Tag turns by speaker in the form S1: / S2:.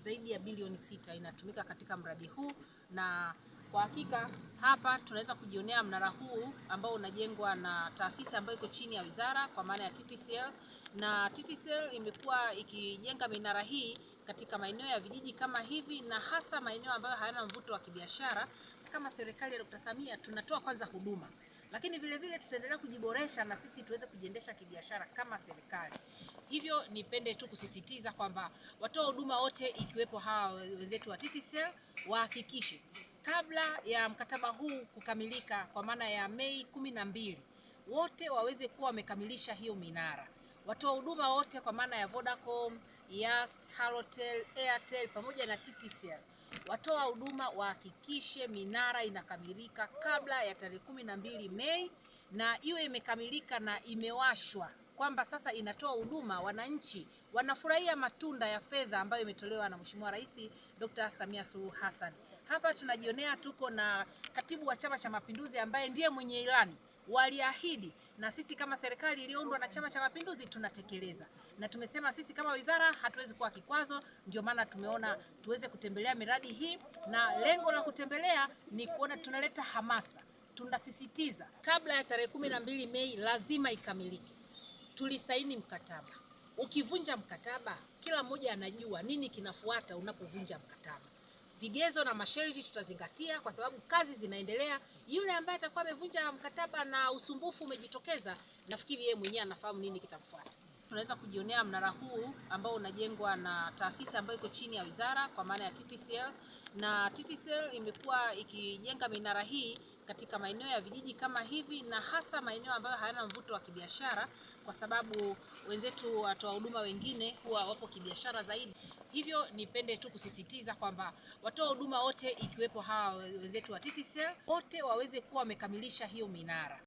S1: zaidi ya bilioni sita inatumika katika mradi huu, na kwa hakika hapa tunaweza kujionea mnara huu ambao unajengwa na taasisi ambayo iko chini ya wizara kwa maana ya TTCL, na TTCL imekuwa ikijenga minara hii katika maeneo ya vijiji kama hivi na hasa maeneo ambayo hayana mvuto wa kibiashara. Kama serikali ya Dr. Samia tunatoa kwanza huduma lakini vile vile tutaendelea kujiboresha na sisi tuweze kujiendesha kibiashara kama serikali. Hivyo nipende tu kusisitiza kwamba watoa huduma wote ikiwepo hawa wenzetu wa TTCL wahakikishe kabla ya mkataba huu kukamilika kwa maana ya Mei kumi na mbili wote waweze kuwa wamekamilisha hiyo minara. Watoa huduma wote kwa maana ya Vodacom, Yas, Halotel, Airtel pamoja na TTCL Watoa huduma wahakikishe minara inakamilika kabla ya tarehe kumi na mbili Mei na iwe imekamilika na imewashwa kwamba sasa inatoa huduma, wananchi wanafurahia matunda ya fedha ambayo imetolewa na Mheshimiwa Rais Dr. Samia Suluhu Hassan. Hapa tunajionea tuko na katibu wa Chama cha Mapinduzi ambaye ndiye mwenye ilani waliahidi, na sisi kama serikali iliyoundwa na Chama cha Mapinduzi tunatekeleza, na tumesema sisi kama wizara hatuwezi kuwa kikwazo. Ndio maana tumeona tuweze kutembelea miradi hii, na lengo la kutembelea ni kuona tunaleta hamasa. Tunasisitiza
S2: kabla ya tarehe kumi na mbili Mei lazima ikamilike. Tulisaini mkataba. Ukivunja mkataba, kila mmoja anajua nini kinafuata unapovunja mkataba vigezo na masharti tutazingatia, kwa sababu kazi zinaendelea. Yule ambaye atakuwa amevunja mkataba na usumbufu umejitokeza, nafikiri yeye mwenyewe anafahamu nini kitamfuata.
S1: Tunaweza kujionea mnara huu ambao unajengwa na taasisi ambayo iko chini ya wizara kwa maana ya TTCL, na TTCL imekuwa ikijenga minara hii katika maeneo ya vijiji kama hivi na hasa maeneo ambayo hayana mvuto wa kibiashara kwa sababu wenzetu watoa huduma wengine huwa wapo kibiashara zaidi. Hivyo nipende tu kusisitiza kwamba watoa huduma wote ikiwepo hawa wenzetu wa TTCL wote waweze kuwa wamekamilisha hiyo minara.